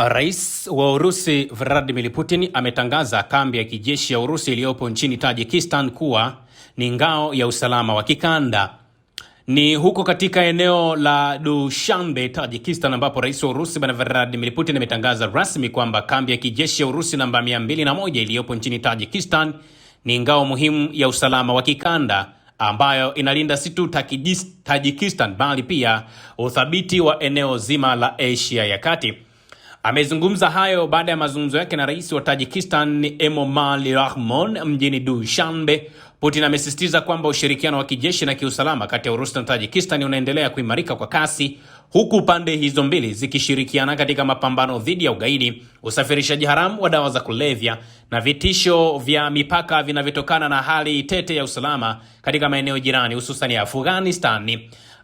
Rais wa Urusi Vladimir Putin ametangaza kambi ya kijeshi ya Urusi iliyopo nchini Tajikistan kuwa ni ngao ya usalama wa kikanda. Ni huko katika eneo la Dushanbe, Tajikistan, ambapo Rais wa Urusi Bwana Vladimir Putin ametangaza rasmi kwamba kambi ya kijeshi ya Urusi namba 201 iliyopo nchini Tajikistan ni ngao muhimu ya usalama wa kikanda ambayo inalinda si tu Tajikistan bali pia uthabiti wa eneo zima la Asia ya Kati. Amezungumza hayo baada ya mazungumzo yake na rais wa Tajikistan Emomali Rahmon mjini Dushanbe. Putin amesisitiza kwamba ushirikiano wa kijeshi na kiusalama kati ya Urusi na Tajikistan unaendelea kuimarika kwa kasi huku pande hizo mbili zikishirikiana katika mapambano dhidi ya ugaidi, usafirishaji haramu wa dawa za kulevya na vitisho vya mipaka vinavyotokana na hali tete ya usalama katika maeneo jirani hususan ya Afghanistan.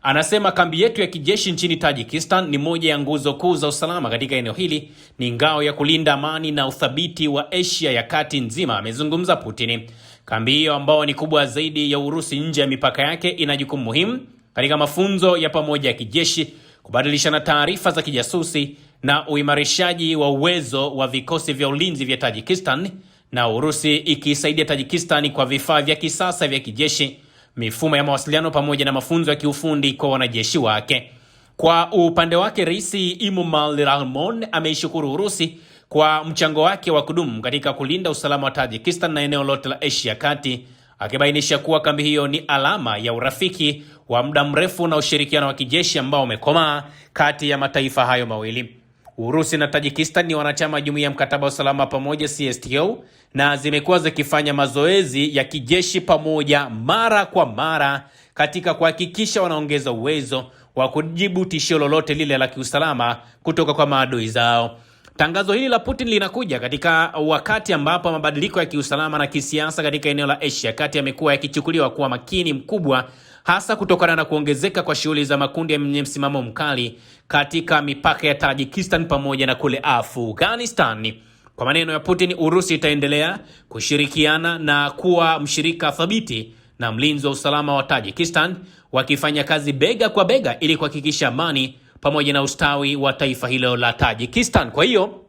Anasema kambi yetu ya kijeshi nchini Tajikistan ni moja ya nguzo kuu za usalama katika eneo hili, ni ngao ya kulinda amani na uthabiti wa Asia ya kati nzima, amezungumza Putin. Kambi hiyo ambayo ni kubwa zaidi ya Urusi nje ya mipaka yake ina jukumu muhimu katika mafunzo ya pamoja ya kijeshi, kubadilishana taarifa za kijasusi na uimarishaji wa uwezo wa vikosi vya ulinzi vya Tajikistan, na Urusi ikisaidia Tajikistan kwa vifaa vya kisasa vya kijeshi mifumo ya mawasiliano pamoja na mafunzo ya kiufundi kwa wanajeshi wake. Kwa upande wake, Rais imumal Rahmon ameishukuru Urusi kwa mchango wake wa kudumu katika kulinda usalama wa Tajikistan na eneo lote la Asia Kati, akibainisha kuwa kambi hiyo ni alama ya urafiki wa muda mrefu na ushirikiano wa kijeshi ambao umekomaa kati ya mataifa hayo mawili. Urusi na Tajikistan ni wanachama jumuiya ya mkataba wa usalama pamoja CSTO na zimekuwa zikifanya mazoezi ya kijeshi pamoja mara kwa mara katika kuhakikisha wanaongeza uwezo wa kujibu tishio lolote lile la kiusalama kutoka kwa maadui zao. Tangazo hili la Putin linakuja katika wakati ambapo mabadiliko ya kiusalama na kisiasa katika eneo la Asia kati yamekuwa yakichukuliwa kuwa makini mkubwa hasa kutokana na kuongezeka kwa shughuli za makundi yenye msimamo mkali katika mipaka ya Tajikistan pamoja na kule Afghanistan. Kwa maneno ya Putin, Urusi itaendelea kushirikiana na kuwa mshirika thabiti na mlinzi wa usalama wa Tajikistan, wakifanya kazi bega kwa bega ili kuhakikisha amani pamoja na ustawi wa taifa hilo la Tajikistan. Kwa hiyo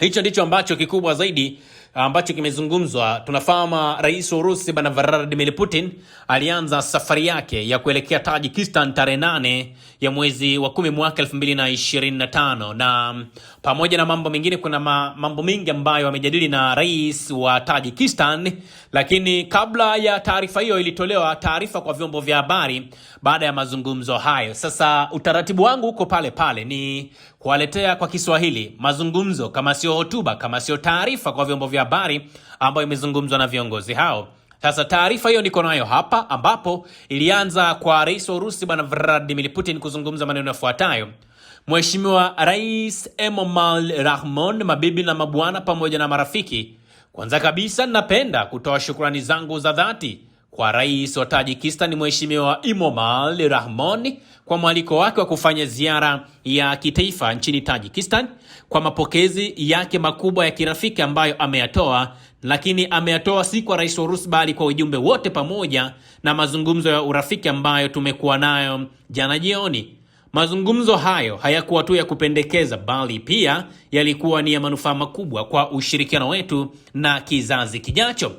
hicho ndicho ambacho kikubwa zaidi ambacho kimezungumzwa, tunafahama Rais wa Urusi Bwana Vladimir Putin alianza safari yake ya kuelekea Tajikistan tarehe nane ya mwezi wa kumi mwaka 2025 na pamoja na mambo mengine, kuna mambo mengi ambayo amejadili na rais wa Tajikistan, lakini kabla ya taarifa hiyo ilitolewa taarifa kwa vyombo vya habari baada ya mazungumzo hayo. Sasa utaratibu wangu huko pale pale, ni kuwaletea kwa Kiswahili mazungumzo, kama sio hotuba, kama sio taarifa kwa vyombo vya habari ambayo imezungumzwa na viongozi hao. Sasa taarifa hiyo niko nayo hapa, ambapo ilianza kwa rais wa Urusi Bwana Vladimir Putin kuzungumza maneno yafuatayo. Mheshimiwa Rais Emomali Rahmon, mabibi na mabwana pamoja na marafiki, kwanza kabisa napenda kutoa shukrani zangu za dhati kwa Rais wa Tajikistan Mheshimiwa Emomali Rahmon kwa mwaliko wake wa kufanya ziara ya kitaifa nchini Tajikistan, kwa mapokezi yake makubwa ya kirafiki ambayo ameyatoa, lakini ameyatoa si kwa rais wa Urusi bali kwa ujumbe wote pamoja na mazungumzo ya urafiki ambayo tumekuwa nayo jana jioni. Mazungumzo hayo hayakuwa tu ya kupendekeza, bali pia yalikuwa ni ya manufaa makubwa kwa ushirikiano wetu na kizazi kijacho.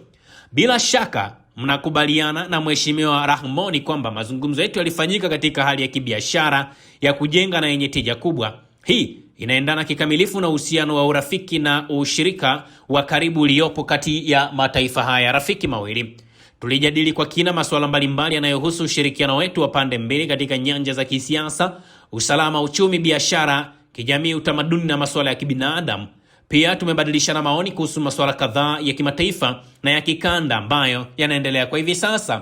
Bila shaka mnakubaliana na Mheshimiwa Rahmoni kwamba mazungumzo yetu yalifanyika katika hali ya kibiashara ya kujenga na yenye tija kubwa. Hii inaendana kikamilifu na uhusiano wa urafiki na ushirika wa karibu uliopo kati ya mataifa haya rafiki mawili. Tulijadili kwa kina masuala mbalimbali yanayohusu ushirikiano wetu wa pande mbili katika nyanja za kisiasa, usalama, uchumi, biashara, kijamii, utamaduni na masuala ya kibinadamu. Pia tumebadilishana maoni kuhusu masuala kadhaa ya kimataifa na ya kikanda ambayo yanaendelea kwa hivi sasa.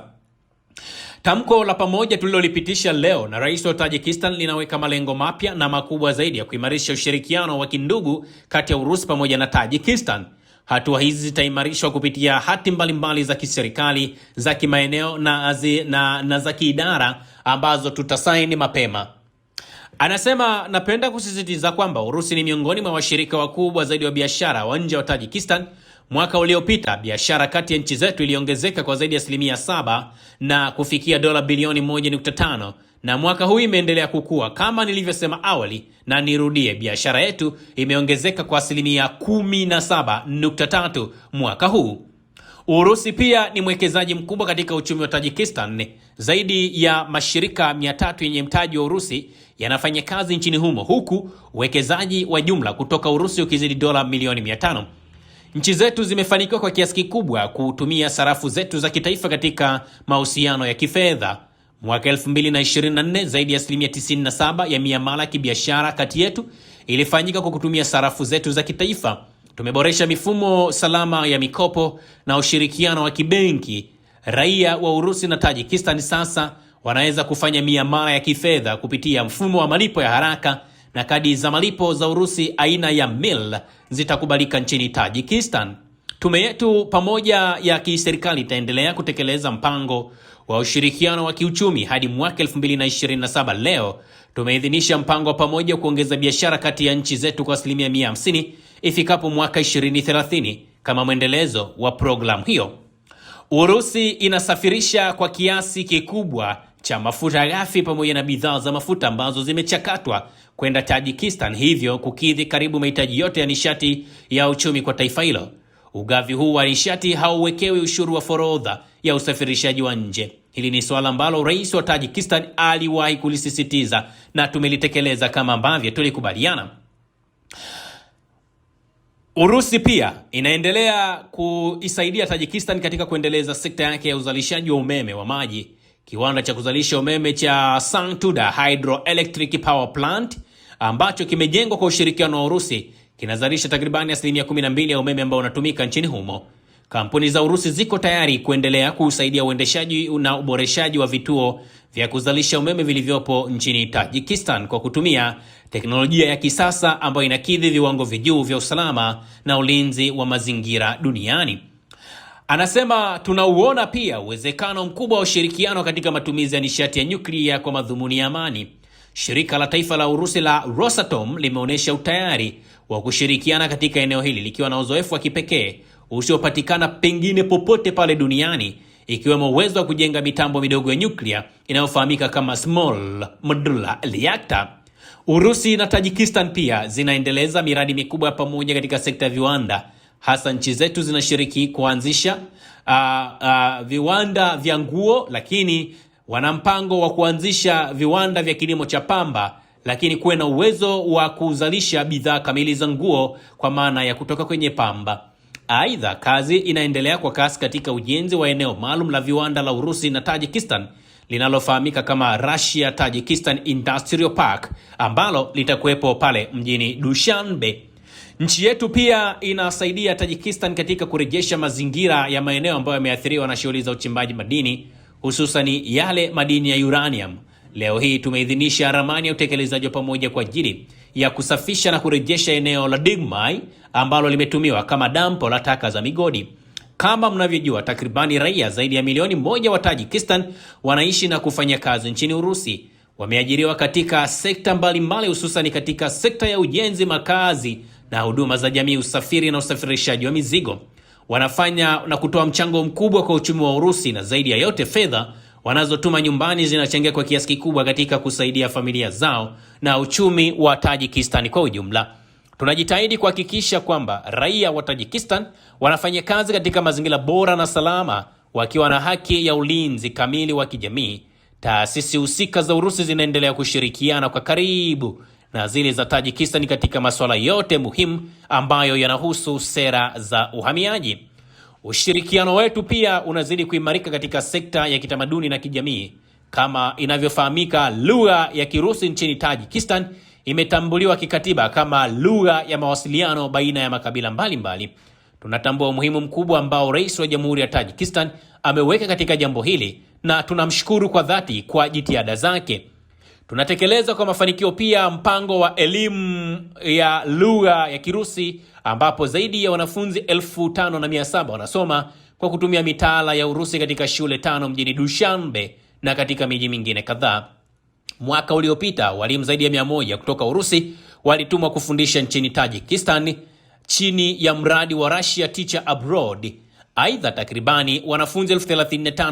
Tamko la pamoja tulilolipitisha leo na rais wa Tajikistan linaweka malengo mapya na makubwa zaidi ya kuimarisha ushirikiano wa kindugu kati ya Urusi pamoja na Tajikistan. Hatua hizi zitaimarishwa kupitia hati mbalimbali mbali za kiserikali, za kimaeneo na, na, na za kiidara ambazo tutasaini mapema. Anasema, napenda kusisitiza kwamba Urusi ni miongoni mwa washirika wakubwa zaidi wa biashara wa nje wa Tajikistan. Mwaka uliopita biashara kati ya nchi zetu iliongezeka kwa zaidi ya asilimia 7 na kufikia dola bilioni 1.5 na mwaka huu imeendelea kukua kama nilivyosema awali, na nirudie, biashara yetu imeongezeka kwa asilimia 17.3 mwaka huu. Urusi pia ni mwekezaji mkubwa katika uchumi wa Tajikistan. Zaidi ya mashirika 300 yenye mtaji wa Urusi yanafanya kazi nchini humo, huku uwekezaji wa jumla kutoka Urusi ukizidi dola milioni 500. Nchi zetu zimefanikiwa kwa kiasi kikubwa kutumia sarafu zetu za kitaifa katika mahusiano ya kifedha. Mwaka 2024 zaidi ya asilimia 97 ya miamala ya kibiashara kati yetu ilifanyika kwa kutumia sarafu zetu za kitaifa. Tumeboresha mifumo salama ya mikopo na ushirikiano wa kibenki. Raia wa Urusi na Tajikistan sasa wanaweza kufanya miamala ya kifedha kupitia mfumo wa malipo ya haraka, na kadi za malipo za Urusi aina ya Mil zitakubalika nchini Tajikistan. Tume yetu pamoja ya kiserikali itaendelea kutekeleza mpango wa ushirikiano wa kiuchumi hadi mwaka 2027. Leo tumeidhinisha mpango wa pamoja kuongeza biashara kati ya nchi zetu kwa asilimia 150 ifikapo mwaka 2030 kama mwendelezo wa programu hiyo. Urusi inasafirisha kwa kiasi kikubwa cha mafuta ghafi pamoja na bidhaa za mafuta ambazo zimechakatwa kwenda Tajikistan, hivyo kukidhi karibu mahitaji yote ya nishati ya uchumi kwa taifa hilo. Ugavi huu wa nishati hauwekewi ushuru wa forodha ya usafirishaji wa nje. Hili ni suala ambalo rais wa Tajikistan aliwahi kulisisitiza na tumelitekeleza kama ambavyo tulikubaliana. Urusi pia inaendelea kuisaidia Tajikistan katika kuendeleza sekta yake ya uzalishaji wa umeme wa maji. Kiwanda cha kuzalisha umeme cha santuda Hydroelectric Power Plant ambacho kimejengwa kwa ushirikiano wa Urusi kinazalisha takribani asilimia 12 ya umeme ambao unatumika nchini humo. Kampuni za Urusi ziko tayari kuendelea kuusaidia uendeshaji na uboreshaji wa vituo vya kuzalisha umeme vilivyopo nchini Tajikistan kwa kutumia teknolojia ya kisasa ambayo inakidhi viwango vya juu vya usalama na ulinzi wa mazingira duniani. Anasema tunauona pia uwezekano mkubwa wa ushirikiano katika matumizi ya nishati ya nyuklia kwa madhumuni ya amani. Shirika la taifa la Urusi la Rosatom limeonyesha utayari wa kushirikiana katika eneo hili likiwa na uzoefu wa kipekee usiopatikana pengine popote pale duniani ikiwemo uwezo wa kujenga mitambo midogo ya nyuklia inayofahamika kama small modular reactor. Urusi na Tajikistan pia zinaendeleza miradi mikubwa ya pamoja katika sekta ya viwanda, hasa nchi zetu zinashiriki kuanzisha uh, uh, viwanda vya nguo, lakini wana mpango wa kuanzisha viwanda vya kilimo cha pamba lakini kuwe na uwezo wa kuzalisha bidhaa kamili za nguo kwa maana ya kutoka kwenye pamba. Aidha, kazi inaendelea kwa kasi katika ujenzi wa eneo maalum la viwanda la Urusi na Tajikistan linalofahamika kama Russia Tajikistan Industrial Park ambalo litakuwepo pale mjini Dushanbe. Nchi yetu pia inasaidia Tajikistan katika kurejesha mazingira ya maeneo ambayo yameathiriwa na shughuli za uchimbaji madini hususani yale madini ya uranium. Leo hii tumeidhinisha ramani ya utekelezaji wa pamoja kwa ajili ya kusafisha na kurejesha eneo la Digmai ambalo limetumiwa kama dampo la taka za migodi. Kama mnavyojua, takribani raia zaidi ya milioni moja wa Tajikistan wanaishi na kufanya kazi nchini Urusi. Wameajiriwa katika sekta mbalimbali, hususani katika sekta ya ujenzi, makazi na huduma za jamii, usafiri na usafirishaji wa mizigo. Wanafanya na kutoa mchango mkubwa kwa uchumi wa Urusi na zaidi ya yote fedha wanazotuma nyumbani zinachangia kwa kiasi kikubwa katika kusaidia familia zao na uchumi wa Tajikistan kwa ujumla. Tunajitahidi kuhakikisha kwamba raia wa Tajikistan wanafanya kazi katika mazingira bora na salama, wakiwa na haki ya ulinzi kamili wa kijamii. Taasisi husika za Urusi zinaendelea kushirikiana kwa karibu na zile za Tajikistan katika masuala yote muhimu ambayo yanahusu sera za uhamiaji. Ushirikiano wetu pia unazidi kuimarika katika sekta ya kitamaduni na kijamii. Kama inavyofahamika, lugha ya Kirusi nchini Tajikistan imetambuliwa kikatiba kama lugha ya mawasiliano baina ya makabila mbalimbali mbali. Tunatambua umuhimu mkubwa ambao Rais wa Jamhuri ya Tajikistan ameweka katika jambo hili na tunamshukuru kwa dhati kwa jitihada zake. Tunatekeleza kwa mafanikio pia mpango wa elimu ya lugha ya Kirusi ambapo zaidi ya wanafunzi 5700 na wanasoma kwa kutumia mitaala ya Urusi katika shule tano mjini Dushanbe na katika miji mingine kadhaa. Mwaka uliopita walimu zaidi ya 100 kutoka Urusi walitumwa kufundisha nchini Tajikistan chini ya mradi wa Russia Teacher Abroad. Aidha, takribani wanafunzi elfu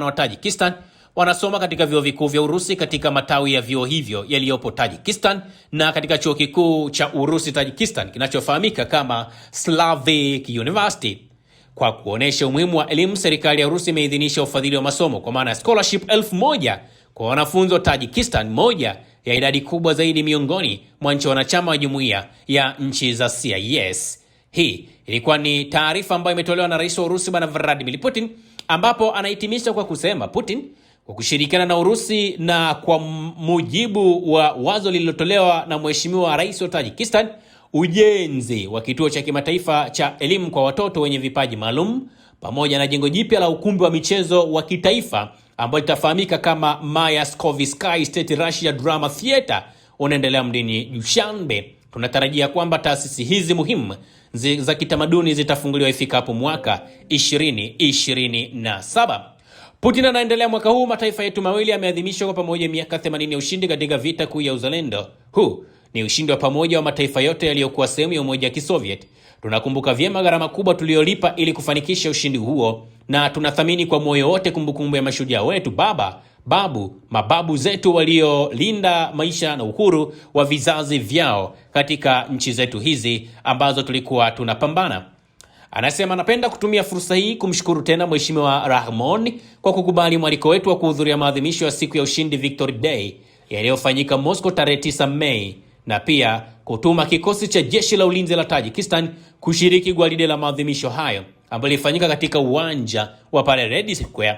wa Tajikistan wanasoma katika vyuo vikuu vya Urusi katika matawi ya vyuo hivyo yaliyopo Tajikistan na katika chuo kikuu cha Urusi Tajikistan kinachofahamika kama Slavic University. Kwa kuonesha umuhimu wa elimu, serikali ya Urusi imeidhinisha ufadhili wa masomo kwa maana ya scholarship 1 kwa wanafunzi wa Tajikistan, moja ya idadi kubwa zaidi miongoni mwa nchi wanachama wa jumuiya ya nchi za CIS. Hii ilikuwa ni taarifa ambayo imetolewa na rais wa Urusi Bwana Vladimir Putin, ambapo anahitimisha kwa kusema Putin kwa kushirikiana na Urusi na kwa mujibu wa wazo lililotolewa na Mheshimiwa Rais wa Tajikistan, ujenzi wa kituo cha kimataifa cha elimu kwa watoto wenye vipaji maalum pamoja na jengo jipya la ukumbi wa michezo wa kitaifa ambayo litafahamika kama Mayakovsky State Russia Drama Theater unaendelea mdini jushanbe Tunatarajia kwamba taasisi hizi muhimu za kitamaduni zitafunguliwa ifikapo mwaka 2027. Putin anaendelea mwaka huu, mataifa yetu mawili yameadhimisha kwa pamoja miaka 80 ya ushindi katika vita kuu ya uzalendo. Huu ni ushindi wa pamoja wa mataifa yote yaliyokuwa sehemu ya Umoja wa Kisoviet. Tunakumbuka vyema gharama kubwa tuliyolipa ili kufanikisha ushindi huo, na tunathamini kwa moyo wote kumbukumbu ya mashujaa wetu, baba, babu, mababu zetu waliolinda maisha na uhuru wa vizazi vyao katika nchi zetu hizi ambazo tulikuwa tunapambana. Anasema anapenda kutumia fursa hii kumshukuru tena Mheshimiwa Rahmon kwa kukubali mwaliko wetu wa kuhudhuria maadhimisho ya siku ya ushindi Victory Day yaliyofanyika mosco tarehe 9 Mei na pia kutuma kikosi cha jeshi la ulinzi la Tajikistan kushiriki gwaride la maadhimisho hayo ambayo ilifanyika katika uwanja wa pale Red Square.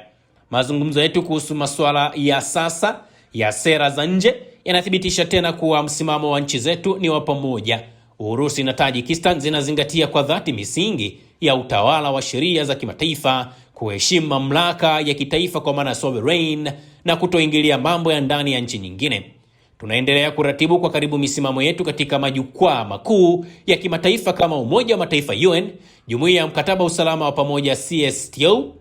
Mazungumzo yetu kuhusu masuala ya sasa ya sera za nje yanathibitisha tena kuwa msimamo wa nchi zetu ni wa pamoja. Urusi na Tajikistan zinazingatia kwa dhati misingi ya utawala wa sheria za kimataifa, kuheshimu mamlaka ya kitaifa kwa maana sovereign, na kutoingilia mambo ya ndani ya nchi nyingine. Tunaendelea kuratibu kwa karibu misimamo yetu katika majukwaa makuu ya kimataifa kama Umoja wa Mataifa UN, Jumuiya ya Mkataba Usalama wa Pamoja CSTO,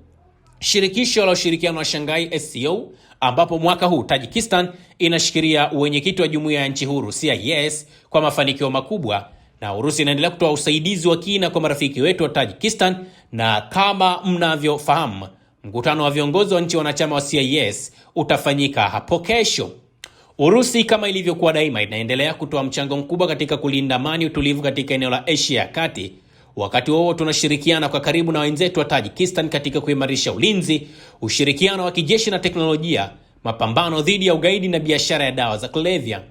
Shirikisho la Ushirikiano wa Shanghai SCO, ambapo mwaka huu Tajikistan inashikilia uwenyekiti wa Jumuiya ya Nchi Huru CIS kwa mafanikio makubwa na Urusi inaendelea kutoa usaidizi wa kina kwa marafiki wetu wa Tajikistan, na kama mnavyofahamu, mkutano wa viongozi wa nchi wanachama wa CIS utafanyika hapo kesho. Urusi kama ilivyokuwa daima inaendelea kutoa mchango mkubwa katika kulinda amani, utulivu katika eneo la Asia ya Kati. Wakati huo tunashirikiana kwa karibu na wenzetu wa Tajikistan katika kuimarisha ulinzi, ushirikiano wa kijeshi na teknolojia, mapambano dhidi ya ugaidi na biashara ya dawa za kulevya.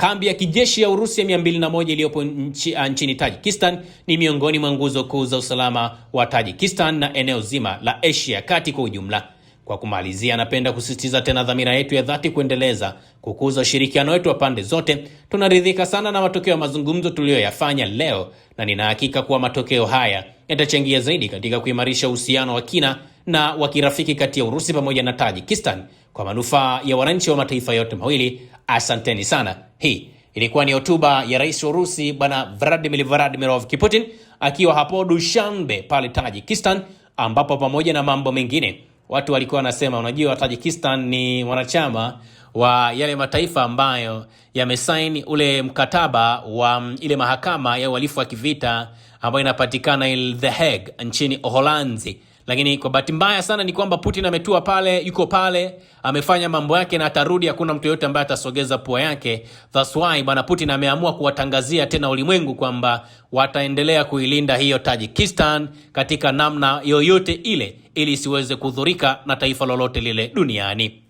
Kambi ya kijeshi ya Urusi ya 201 iliyopo nchi, uh, nchini Tajikistan ni miongoni mwa nguzo kuu za usalama wa Tajikistan na eneo zima la Asia kati kwa ujumla. Kwa kumalizia, napenda kusisitiza tena dhamira yetu ya dhati kuendeleza kukuza ushirikiano wetu wa pande zote. Tunaridhika sana na matokeo ya mazungumzo tuliyoyafanya leo na ninahakika kuwa matokeo haya yatachangia zaidi katika kuimarisha uhusiano wa kina na wa kirafiki kati ya Urusi pamoja na Tajikistan kwa manufaa ya wananchi wa mataifa yote mawili. Asanteni sana hii. Ilikuwa ni hotuba ya rais wa Urusi bwana Vladimir Vladimirovich Putin akiwa hapo Dushanbe pale Tajikistan, ambapo pamoja na mambo mengine watu walikuwa wanasema, unajua Tajikistan ni mwanachama wa yale mataifa ambayo yamesaini ule mkataba wa mm, ile mahakama ya uhalifu wa kivita ambayo inapatikana The Hague nchini Uholanzi lakini kwa bahati mbaya sana ni kwamba Putin ametua pale, yuko pale, amefanya mambo yake na atarudi, hakuna mtu yoyote ambaye atasogeza pua yake. That's why bwana Putin ameamua kuwatangazia tena ulimwengu kwamba wataendelea kuilinda hiyo Tajikistan katika namna yoyote ile, ili isiweze kudhurika na taifa lolote lile duniani.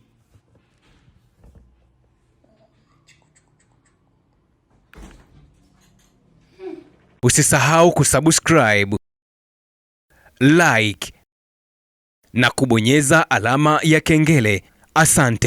Usisahau kusubscribe, like na kubonyeza alama ya kengele. Asante.